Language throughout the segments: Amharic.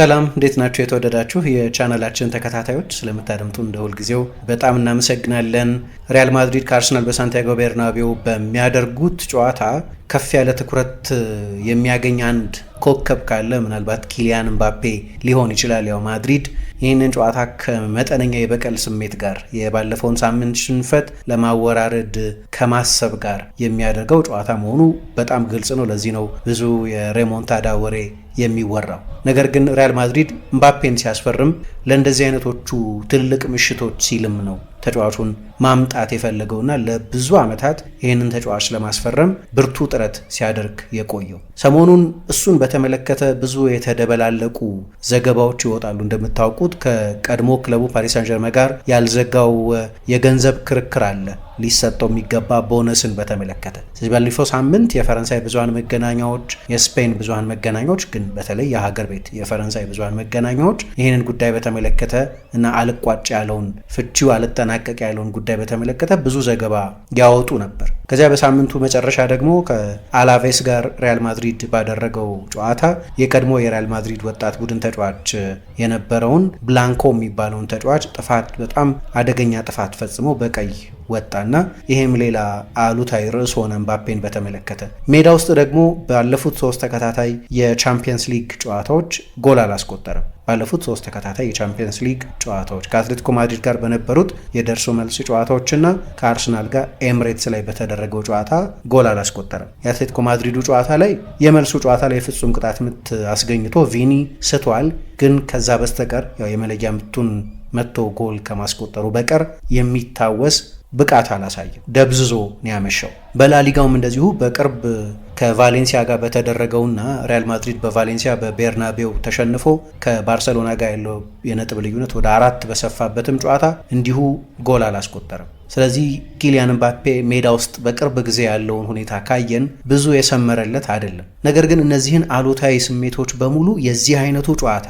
ሰላም እንዴት ናችሁ? የተወደዳችሁ የቻናላችን ተከታታዮች ስለምታደምጡ እንደ ሁልጊዜው በጣም እናመሰግናለን። ሪያል ማድሪድ ከአርሰናል በሳንቲያጎ ቤርናቤው በሚያደርጉት ጨዋታ ከፍ ያለ ትኩረት የሚያገኝ አንድ ኮከብ ካለ ምናልባት ኪሊያን ምባፔ ሊሆን ይችላል። ያው ማድሪድ ይህንን ጨዋታ ከመጠነኛ የበቀል ስሜት ጋር የባለፈውን ሳምንት ሽንፈት ለማወራረድ ከማሰብ ጋር የሚያደርገው ጨዋታ መሆኑ በጣም ግልጽ ነው። ለዚህ ነው ብዙ የሬሞንታዳ ወሬ የሚወራው። ነገር ግን ሪያል ማድሪድ ምባፔን ሲያስፈርም ለእንደዚህ አይነቶቹ ትልልቅ ምሽቶች ሲልም ነው ተጫዋቹን ማምጣት የፈለገውና ለብዙ ዓመታት ይህንን ተጫዋች ለማስፈረም ብርቱ ጥረት ሲያደርግ የቆየው። ሰሞኑን እሱን በተመለከተ ብዙ የተደበላለቁ ዘገባዎች ይወጣሉ። እንደምታውቁት ከቀድሞ ክለቡ ፓሪስ ሳንጀርመን ጋር ያልዘጋው የገንዘብ ክርክር አለ። ሊሰጠው የሚገባ ቦነስን በተመለከተ ስለዚህ ባለፈው ሳምንት የፈረንሳይ ብዙሀን መገናኛዎች፣ የስፔን ብዙሀን መገናኛዎች ግን በተለይ የሀገር ቤት የፈረንሳይ ብዙሀን መገናኛዎች ይህንን ጉዳይ በተመለከተ እና አልቋጭ ያለውን ፍቺው አልጠናቀቅ ያለውን ጉዳይ በተመለከተ ብዙ ዘገባ ያወጡ ነበር። ከዚያ በሳምንቱ መጨረሻ ደግሞ ከአላቬስ ጋር ሪያል ማድሪድ ባደረገው ጨዋታ የቀድሞ የሪያል ማድሪድ ወጣት ቡድን ተጫዋች የነበረውን ብላንኮ የሚባለውን ተጫዋች ጥፋት በጣም አደገኛ ጥፋት ፈጽሞ በቀይ ወጣና ይህም ሌላ አሉታዊ ርዕስ ሆነ ምባፔን በተመለከተ። ሜዳ ውስጥ ደግሞ ባለፉት ሶስት ተከታታይ የቻምፒየንስ ሊግ ጨዋታዎች ጎል አላስቆጠረም። ባለፉት ሶስት ተከታታይ የቻምፒየንስ ሊግ ጨዋታዎች ከአትሌቲኮ ማድሪድ ጋር በነበሩት የደርሶ መልስ ጨዋታዎችና ከአርሰናል ጋር ኤምሬትስ ላይ በተደረገው ጨዋታ ጎል አላስቆጠረም። የአትሌቲኮ ማድሪዱ ጨዋታ ላይ የመልሱ ጨዋታ ላይ የፍጹም ቅጣት ምት አስገኝቶ ቪኒ ስቷል። ግን ከዛ በስተቀር ያው የመለያ ምቱን መጥቶ ጎል ከማስቆጠሩ በቀር የሚታወስ ብቃት አላሳየም። ደብዝዞ ነው ያመሸው። በላሊጋውም እንደዚሁ በቅርብ ከቫሌንሲያ ጋር በተደረገውና ሪያል ማድሪድ በቫሌንሲያ በቤርናቤው ተሸንፎ ከባርሰሎና ጋር ያለው የነጥብ ልዩነት ወደ አራት በሰፋበትም ጨዋታ እንዲሁ ጎል አላስቆጠረም። ስለዚህ ኪሊያን ምባፔ ሜዳ ውስጥ በቅርብ ጊዜ ያለውን ሁኔታ ካየን ብዙ የሰመረለት አይደለም። ነገር ግን እነዚህን አሉታዊ ስሜቶች በሙሉ የዚህ አይነቱ ጨዋታ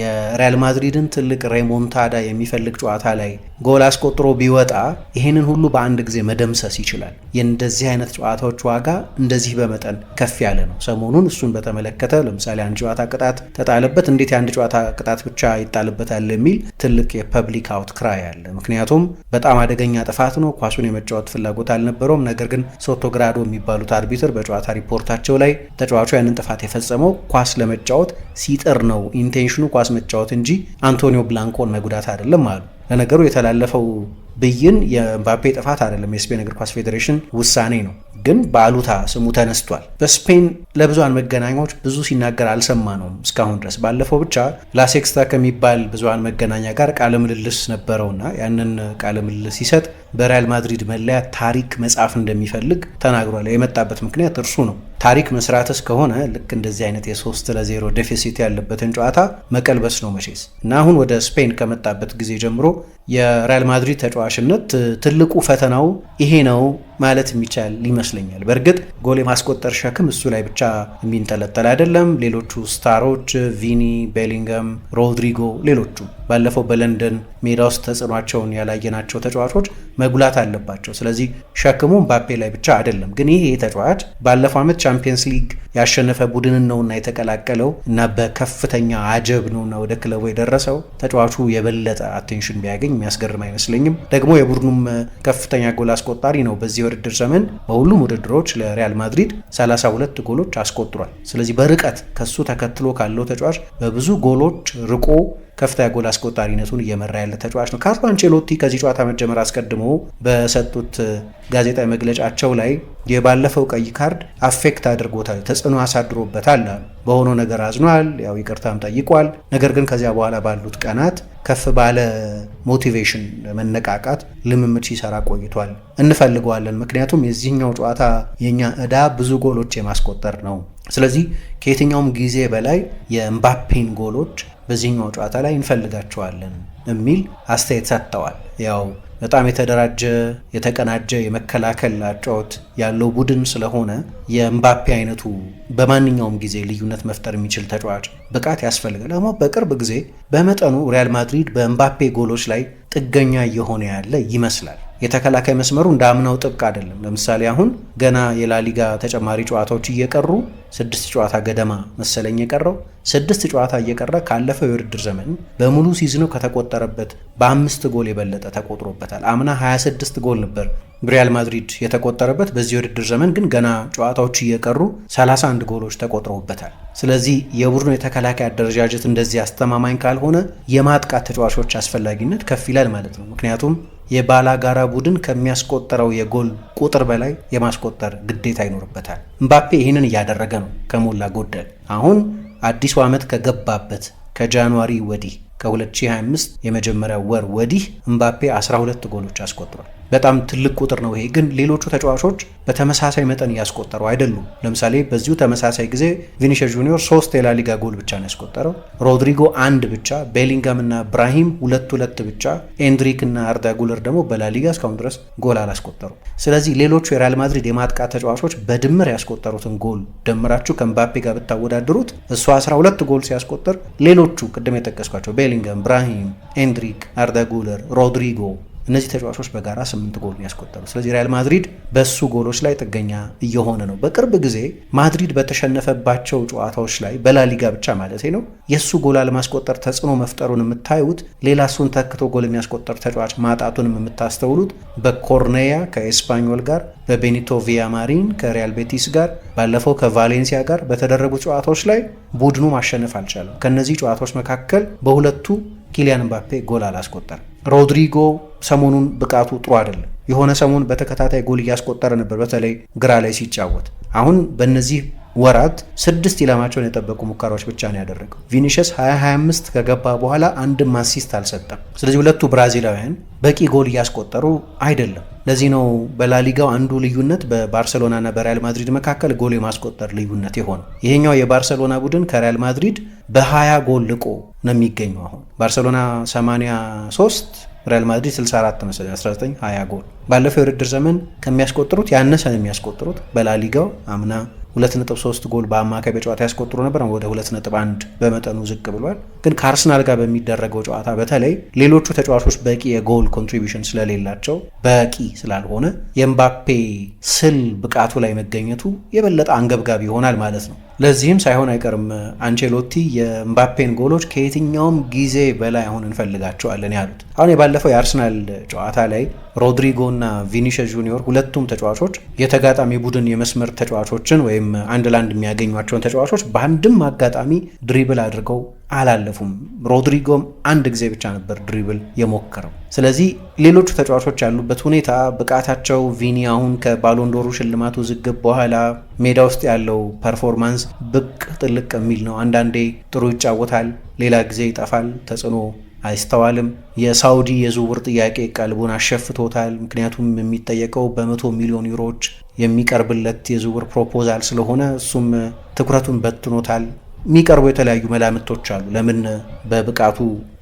የሪያል ማድሪድን ትልቅ ሬሞንታዳ የሚፈልግ ጨዋታ ላይ ጎል አስቆጥሮ ቢወጣ ይህንን ሁሉ በአንድ ጊዜ መደምሰስ ይችላል። የእንደዚህ አይነት ጨዋታዎች ዋጋ እንደዚህ በመጠን ከፍ ያለ ነው። ሰሞኑን እሱን በተመለከተ ለምሳሌ አንድ ጨዋታ ቅጣት ተጣለበት፣ እንዴት የአንድ ጨዋታ ቅጣት ብቻ ይጣልበታል የሚል ትልቅ የፐብሊክ አውት ክራይ አለ። ምክንያቱም በጣም አደገኛ ጥፋት ነው። ኳሱን የመጫወት ፍላጎት አልነበረውም። ነገር ግን ሶቶግራዶ የሚባሉት አርቢትር በጨዋታ ሪፖርታቸው ላይ ተጫዋቹ ያንን ጥፋት የፈጸመው ኳስ ለመጫወት ሲጥር ነው፣ ኢንቴንሽኑ ኳስ መጫወት እንጂ አንቶኒዮ ብላንኮን መጉዳት አይደለም አሉ። ለነገሩ የተላለፈው ብይን የምባፔ ጥፋት አይደለም፣ የስፔን እግር ኳስ ፌዴሬሽን ውሳኔ ነው። ግን በአሉታ ስሙ ተነስቷል። በስፔን ለብዙሃን መገናኛዎች ብዙ ሲናገር አልሰማ እስካሁን ድረስ። ባለፈው ብቻ ላሴክስታ ከሚባል ብዙሃን መገናኛ ጋር ቃለ ምልልስ ነበረውና ያንን ቃለ ምልልስ ሲሰጥ በሪያል ማድሪድ መለያ ታሪክ መጻፍ እንደሚፈልግ ተናግሯል። የመጣበት ምክንያት እርሱ ነው። ታሪክ መስራትስ ከሆነ ልክ እንደዚህ አይነት የሶስት ለዜሮ ዴፊሲት ያለበትን ጨዋታ መቀልበስ ነው መቼስ እና አሁን ወደ ስፔን ከመጣበት ጊዜ ጀምሮ የሪያል ማድሪድ ተጫዋችነት ትልቁ ፈተናው ይሄ ነው ማለት የሚቻል ይመስለኛል። በእርግጥ ጎል የማስቆጠር ሸክም እሱ ላይ ብቻ የሚንጠለጠል አይደለም። ሌሎቹ ስታሮች ቪኒ፣ ቤሊንገም፣ ሮድሪጎ፣ ሌሎቹ ባለፈው በለንደን ሜዳ ውስጥ ተጽዕኗቸውን ያላየናቸው ተጫዋቾች መጉላት አለባቸው። ስለዚህ ሸክሙ ምባፔ ላይ ብቻ አይደለም። ግን ይሄ ተጫዋች ባለፈው ዓመት ቻምፒየንስ ሊግ ያሸነፈ ቡድንን ነውና የተቀላቀለው እና በከፍተኛ አጀብ ነውና ወደ ክለቡ የደረሰው ተጫዋቹ የበለጠ አቴንሽን ቢያገኝ የሚያስገርም አይመስለኝም። ደግሞ የቡድኑም ከፍተኛ ጎል አስቆጣሪ ነው በዚህ የውድድር ዘመን በሁሉም ውድድሮች ለሪያል ማድሪድ 32 ጎሎች አስቆጥሯል። ስለዚህ በርቀት ከሱ ተከትሎ ካለው ተጫዋች በብዙ ጎሎች ርቆ ከፍተኛ ጎል አስቆጣሪነቱን እየመራ ያለ ተጫዋች ነው። ካርሎ አንቼሎቲ ከዚህ ጨዋታ መጀመር አስቀድሞ በሰጡት ጋዜጣዊ መግለጫቸው ላይ የባለፈው ቀይ ካርድ አፌክት አድርጎታል፣ ተጽዕኖ አሳድሮበታል። በሆነው ነገር አዝኗል፣ ያው ይቅርታም ጠይቋል። ነገር ግን ከዚያ በኋላ ባሉት ቀናት ከፍ ባለ ሞቲቬሽን መነቃቃት ልምምድ ሲሰራ ቆይቷል። እንፈልገዋለን፣ ምክንያቱም የዚህኛው ጨዋታ የኛ ዕዳ ብዙ ጎሎች የማስቆጠር ነው። ስለዚህ ከየትኛውም ጊዜ በላይ የኤምባፔን ጎሎች በዚህኛው ጨዋታ ላይ እንፈልጋቸዋለን የሚል አስተያየት ሰጥተዋል። ያው በጣም የተደራጀ የተቀናጀ የመከላከል አጫወት ያለው ቡድን ስለሆነ የእምባፔ አይነቱ በማንኛውም ጊዜ ልዩነት መፍጠር የሚችል ተጫዋች ብቃት ያስፈልጋል። ደግሞ በቅርብ ጊዜ በመጠኑ ሪያል ማድሪድ በእምባፔ ጎሎች ላይ ጥገኛ እየሆነ ያለ ይመስላል። የተከላካይ መስመሩ እንዳምናው ጥብቅ አይደለም። ለምሳሌ አሁን ገና የላሊጋ ተጨማሪ ጨዋታዎች እየቀሩ ስድስት ጨዋታ ገደማ መሰለኝ የቀረው ስድስት ጨዋታ እየቀረ ካለፈው የውድድር ዘመን በሙሉ ሲዝኑ ከተቆጠረበት በአምስት ጎል የበለጠ ተቆጥሮበታል። አምና 26 ጎል ነበር ሪያል ማድሪድ የተቆጠረበት። በዚህ የውድድር ዘመን ግን ገና ጨዋታዎች እየቀሩ 31 ጎሎች ተቆጥረውበታል። ስለዚህ የቡድኑ የተከላካይ አደረጃጀት እንደዚህ አስተማማኝ ካልሆነ የማጥቃት ተጫዋቾች አስፈላጊነት ከፍ ይላል ማለት ነው። ምክንያቱም የባላጋራ ቡድን ከሚያስቆጠረው የጎል ቁጥር በላይ የማስቆጠር ግዴታ ይኖርበታል። እምባፔ ይህንን እያደረገ ነው ከሞላ ጎደል። አሁን አዲሱ ዓመት ከገባበት ከጃንዋሪ ወዲህ ከ2025 የመጀመሪያ ወር ወዲህ እምባፔ 12 ጎሎች አስቆጥሯል። በጣም ትልቅ ቁጥር ነው። ይሄ ግን ሌሎቹ ተጫዋቾች በተመሳሳይ መጠን እያስቆጠሩ አይደሉም። ለምሳሌ በዚሁ ተመሳሳይ ጊዜ ቪኒሽስ ጁኒዮር ሶስት የላሊጋ ጎል ብቻ ነው ያስቆጠረው፣ ሮድሪጎ አንድ ብቻ፣ ቤሊንጋም እና ብራሂም ሁለት ሁለት ብቻ፣ ኤንድሪክ እና አርዳ ጉለር ደግሞ በላሊጋ እስካሁን ድረስ ጎል አላስቆጠሩ። ስለዚህ ሌሎቹ የሪያል ማድሪድ የማጥቃት ተጫዋቾች በድምር ያስቆጠሩትን ጎል ደምራችሁ ከምባፔ ጋር ብታወዳድሩት እሱ 12 ጎል ሲያስቆጥር ሌሎቹ ቅድም የጠቀስኳቸው ቤሊንጋም፣ ብራሂም፣ ኤንድሪክ፣ አርዳ ጉለር፣ ሮድሪጎ እነዚህ ተጫዋቾች በጋራ ስምንት ጎል ያስቆጠሩ። ስለዚህ ሪያል ማድሪድ በሱ ጎሎች ላይ ጥገኛ እየሆነ ነው። በቅርብ ጊዜ ማድሪድ በተሸነፈባቸው ጨዋታዎች ላይ በላሊጋ ብቻ ማለት ነው የእሱ ጎል አለማስቆጠር ተጽዕኖ መፍጠሩን የምታዩት፣ ሌላ እሱን ተክቶ ጎል የሚያስቆጠር ተጫዋች ማጣቱንም የምታስተውሉት በኮርኔያ ከኤስፓኞል ጋር በቤኒቶ ቪያማሪን ከሪያል ቤቲስ ጋር ባለፈው ከቫሌንሲያ ጋር በተደረጉ ጨዋታዎች ላይ ቡድኑ ማሸነፍ አልቻለም። ከእነዚህ ጨዋታዎች መካከል በሁለቱ ኪሊያን ምባፔ ጎል አላስቆጠርም። ሮድሪጎ ሰሞኑን ብቃቱ ጥሩ አይደለም። የሆነ ሰሞን በተከታታይ ጎል እያስቆጠረ ነበር፣ በተለይ ግራ ላይ ሲጫወት። አሁን በእነዚህ ወራት ስድስት ኢላማቸውን የጠበቁ ሙከራዎች ብቻ ነው ያደረገው። ቪኒሽስ 2025 ከገባ በኋላ አንድም አሲስት አልሰጠም። ስለዚህ ሁለቱ ብራዚላውያን በቂ ጎል እያስቆጠሩ አይደለም። ለዚህ ነው በላሊጋው አንዱ ልዩነት በባርሰሎናና በሪያል ማድሪድ መካከል ጎል የማስቆጠር ልዩነት የሆነው። ይሄኛው የባርሰሎና ቡድን ከሪያል ማድሪድ በ20 ጎል ልቆ ነው የሚገኘው። አሁን ባርሰሎና 83 ሪያል ማድሪድ 64 መሰለኝ 19 20 ጎል ባለፈው የውድድር ዘመን ከሚያስቆጥሩት ያነሰ ነው የሚያስቆጥሩት በላሊጋው አምና 2.3 ጎል በአማካይ በጨዋታ ያስቆጥሩ ነበር። ወደ 2.1 በመጠኑ ዝቅ ብሏል። ግን ከአርሰናል ጋር በሚደረገው ጨዋታ በተለይ ሌሎቹ ተጫዋቾች በቂ የጎል ኮንትሪቢሽን ስለሌላቸው በቂ ስላልሆነ የኤምባፔ ስል ብቃቱ ላይ መገኘቱ የበለጠ አንገብጋቢ ይሆናል ማለት ነው። ለዚህም ሳይሆን አይቀርም አንቼሎቲ የምባፔን ጎሎች ከየትኛውም ጊዜ በላይ አሁን እንፈልጋቸዋለን ያሉት። አሁን የባለፈው የአርሰናል ጨዋታ ላይ እና ቪኒሽስ ጁኒዮር ሁለቱም ተጫዋቾች የተጋጣሚ ቡድን የመስመር ተጫዋቾችን ወይም አንድ ላንድ የሚያገኟቸውን ተጫዋቾች በአንድም አጋጣሚ ድሪብል አድርገው አላለፉም። ሮድሪጎም አንድ ጊዜ ብቻ ነበር ድሪብል የሞከረው። ስለዚህ ሌሎቹ ተጫዋቾች ያሉበት ሁኔታ ብቃታቸው፣ ቪኒ አሁን ከባሎንዶሩ ሽልማት ዝግብ በኋላ ሜዳ ውስጥ ያለው ፐርፎርማንስ ብቅ ጥልቅ የሚል ነው። አንዳንዴ ጥሩ ይጫወታል፣ ሌላ ጊዜ ይጠፋል፣ ተጽዕኖ አይስተዋልም። የሳውዲ የዝውውር ጥያቄ ቀልቡን አሸፍቶታል። ምክንያቱም የሚጠየቀው በመቶ ሚሊዮን ዩሮዎች የሚቀርብለት የዝውውር ፕሮፖዛል ስለሆነ እሱም ትኩረቱን በትኖታል። የሚቀርቡ የተለያዩ መላምቶች አሉ። ለምን በብቃቱ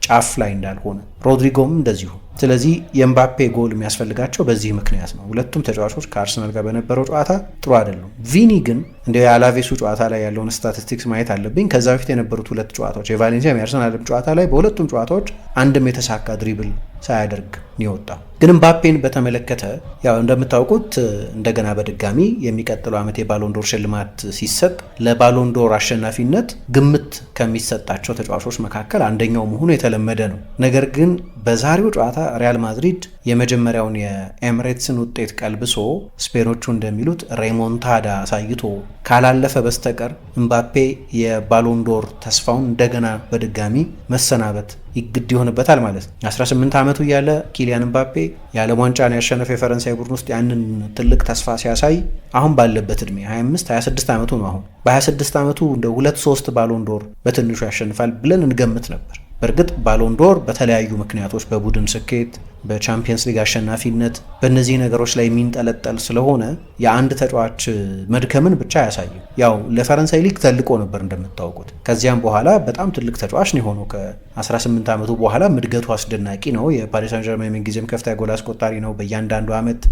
ጫፍ ላይ እንዳልሆነ ሮድሪጎም እንደዚሁ። ስለዚህ የኤምባፔ ጎል የሚያስፈልጋቸው በዚህ ምክንያት ነው። ሁለቱም ተጫዋቾች ከአርሰናል ጋር በነበረው ጨዋታ ጥሩ አይደሉም። ቪኒ ግን እንዲ የአላቬሱ ጨዋታ ላይ ያለውን ስታቲስቲክስ ማየት አለብኝ። ከዛ በፊት የነበሩት ሁለት ጨዋታዎች የቫሌንሲያ የአርሰናልም ጨዋታ ላይ በሁለቱም ጨዋታዎች አንድም የተሳካ ድሪብል ሳያደርግ ይወጣ። ግን ምባፔን በተመለከተ ያው እንደምታውቁት እንደገና በድጋሚ የሚቀጥለው ዓመት የባሎንዶር ሽልማት ሲሰጥ ለባሎንዶር አሸናፊነት ግምት ከሚሰጣቸው ተጫዋቾች መካከል አንደኛው መሆኑ የተለመደ ነው። ነገር ግን በዛሬው ጨዋታ ሪያል ማድሪድ የመጀመሪያውን የኤምሬትስን ውጤት ቀልብሶ ስፔኖቹ እንደሚሉት ሬሞንታዳ አሳይቶ ካላለፈ በስተቀር እምባፔ የባሎንዶር ተስፋውን እንደገና በድጋሚ መሰናበት ይግድ ይሆንበታል ማለት ነው። 18 ዓመቱ እያለ ኪሊያን እምባፔ የዓለም ዋንጫን ያሸነፈ የፈረንሳይ ቡድን ውስጥ ያንን ትልቅ ተስፋ ሲያሳይ አሁን ባለበት ዕድሜ 25 26 ዓመቱ ነው። አሁን በ26 ዓመቱ እንደ ሁለት ሶስት ባሎንዶር በትንሹ ያሸንፋል ብለን እንገምት ነበር። በእርግጥ ባሎንዶር በተለያዩ ምክንያቶች በቡድን ስኬት፣ በቻምፒየንስ ሊግ አሸናፊነት፣ በእነዚህ ነገሮች ላይ የሚንጠለጠል ስለሆነ የአንድ ተጫዋች መድከምን ብቻ አያሳይም። ያው ለፈረንሳይ ሊግ ተልቆ ነበር እንደምታውቁት። ከዚያም በኋላ በጣም ትልቅ ተጫዋች ነው የሆነው። ከ18 ዓመቱ በኋላ እድገቱ አስደናቂ ነው። የፓሪስ ሳን ጀርሜን ምንጊዜም ከፍተኛ ጎል አስቆጣሪ ነው። በእያንዳንዱ ዓመት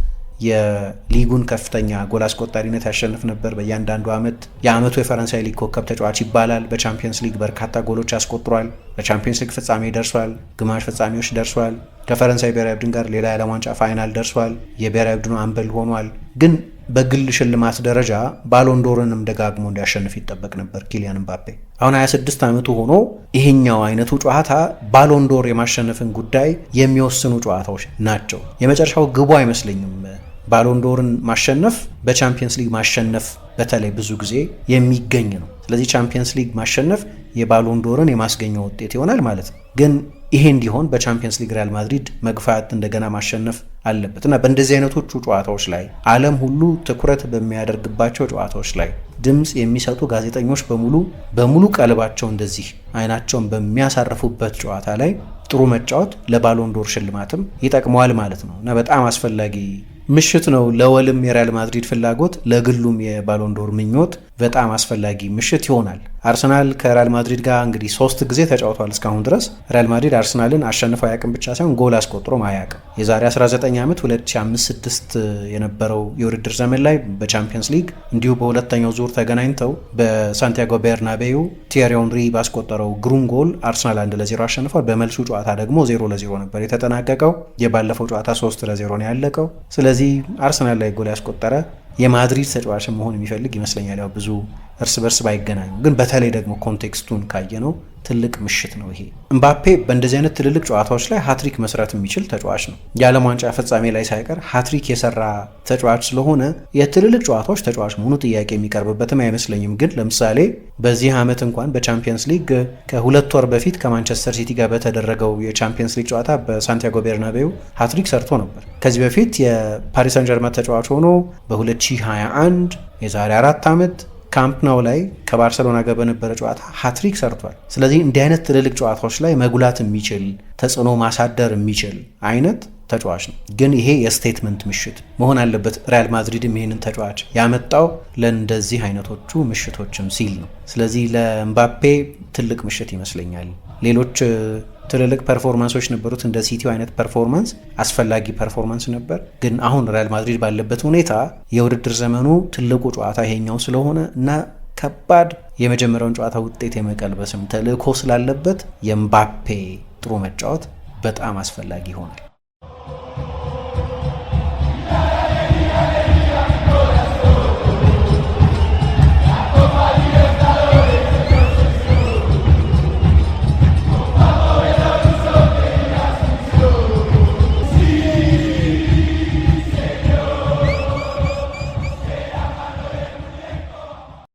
የሊጉን ከፍተኛ ጎል አስቆጣሪነት ያሸንፍ ነበር። በእያንዳንዱ ዓመት የዓመቱ የፈረንሳይ ሊግ ኮከብ ተጫዋች ይባላል። በቻምፒየንስ ሊግ በርካታ ጎሎች አስቆጥሯል። በቻምፒየንስ ሊግ ፍጻሜ ደርሷል። ግማሽ ፍጻሜዎች ደርሷል። ከፈረንሳይ ብሔራዊ ቡድን ጋር ሌላ የዓለም ዋንጫ ፋይናል ደርሷል። የብሔራዊ ቡድኑ አምበል ሆኗል። ግን በግል ሽልማት ደረጃ ባሎንዶርንም ደጋግሞ እንዲያሸንፍ ይጠበቅ ነበር ኪሊያን ምባፔ። አሁን 26 ዓመቱ ሆኖ ይሄኛው አይነቱ ጨዋታ ባሎንዶር የማሸነፍን ጉዳይ የሚወስኑ ጨዋታዎች ናቸው። የመጨረሻው ግቡ አይመስለኝም ባሎንዶርን ማሸነፍ በቻምፒየንስ ሊግ ማሸነፍ በተለይ ብዙ ጊዜ የሚገኝ ነው። ስለዚህ ቻምፒየንስ ሊግ ማሸነፍ የባሎንዶርን የማስገኘው ውጤት ይሆናል ማለት ነው። ግን ይሄ እንዲሆን በቻምፒየንስ ሊግ ሪያል ማድሪድ መግፋት እንደገና ማሸነፍ አለበት እና በእንደዚህ አይነቶቹ ጨዋታዎች ላይ ዓለም ሁሉ ትኩረት በሚያደርግባቸው ጨዋታዎች ላይ ድምፅ የሚሰጡ ጋዜጠኞች በሙሉ በሙሉ ቀልባቸው እንደዚህ አይናቸውን በሚያሳርፉበት ጨዋታ ላይ ጥሩ መጫወት ለባሎንዶር ሽልማትም ይጠቅመዋል ማለት ነው እና በጣም አስፈላጊ ምሽት ነው። ለወልም የሪያል ማድሪድ ፍላጎት ለግሉም የባሎንዶር ምኞት በጣም አስፈላጊ ምሽት ይሆናል። አርሰናል ከሪያል ማድሪድ ጋር እንግዲህ ሶስት ጊዜ ተጫውቷል እስካሁን ድረስ ሪያል ማድሪድ አርሰናልን አሸንፎ አያውቅም ብቻ ሳይሆን ጎል አስቆጥሮም አያውቅም። የዛሬ 19 ዓመት 2056 የነበረው የውድድር ዘመን ላይ በቻምፒየንስ ሊግ እንዲሁ በሁለተኛው ዙር ተገናኝተው በሳንቲያጎ ቤርናቤዩ ቲየሪ ኦንሪ ባስቆጠረው ግሩም ጎል አርሰናል አንድ ለዜሮ አሸንፏል። በመልሱ ጨዋታ ደግሞ 0 ለ0 ነበር የተጠናቀቀው። የባለፈው ጨዋታ 3 ለ0 ነው ያለቀው። ስለ ስለዚህ አርሰናል ላይ ጎል ያስቆጠረ የማድሪድ ተጫዋች መሆን የሚፈልግ ይመስለኛል። ያው ብዙ እርስ በርስ ባይገናኙ ግን በተለይ ደግሞ ኮንቴክስቱን ካየ ነው ትልቅ ምሽት ነው ይሄ። እምባፔ በእንደዚህ አይነት ትልልቅ ጨዋታዎች ላይ ሀትሪክ መስራት የሚችል ተጫዋች ነው። የዓለም ዋንጫ ፍጻሜ ላይ ሳይቀር ሀትሪክ የሰራ ተጫዋች ስለሆነ የትልልቅ ጨዋታዎች ተጫዋች መሆኑ ጥያቄ የሚቀርብበትም አይመስለኝም። ግን ለምሳሌ በዚህ ዓመት እንኳን በቻምፒየንስ ሊግ ከሁለት ወር በፊት ከማንቸስተር ሲቲ ጋር በተደረገው የቻምፒየንስ ሊግ ጨዋታ በሳንቲያጎ ቤርናቤው ሀትሪክ ሰርቶ ነበር። ከዚህ በፊት የፓሪስ ሰን ጀርመን ተጫዋች ሆኖ በ 2021 የዛሬ አራት ዓመት ካምፕ ናው ላይ ከባርሰሎና ጋር በነበረ ጨዋታ ሀትሪክ ሰርቷል። ስለዚህ እንዲህ አይነት ትልልቅ ጨዋታዎች ላይ መጉላት የሚችል ተጽዕኖ ማሳደር የሚችል አይነት ተጫዋች ነው። ግን ይሄ የስቴትመንት ምሽት መሆን አለበት። ሪያል ማድሪድም ይህንን ተጫዋች ያመጣው ለእንደዚህ አይነቶቹ ምሽቶችም ሲል ነው። ስለዚህ ለምባፔ ትልቅ ምሽት ይመስለኛል። ሌሎች ትልልቅ ፐርፎርማንሶች ነበሩት። እንደ ሲቲው አይነት ፐርፎርማንስ አስፈላጊ ፐርፎርማንስ ነበር። ግን አሁን ሪያል ማድሪድ ባለበት ሁኔታ የውድድር ዘመኑ ትልቁ ጨዋታ ይሄኛው ስለሆነ እና ከባድ የመጀመሪያውን ጨዋታ ውጤት የመቀልበስም ተልዕኮ ስላለበት የምባፔ ጥሩ መጫወት በጣም አስፈላጊ ይሆናል።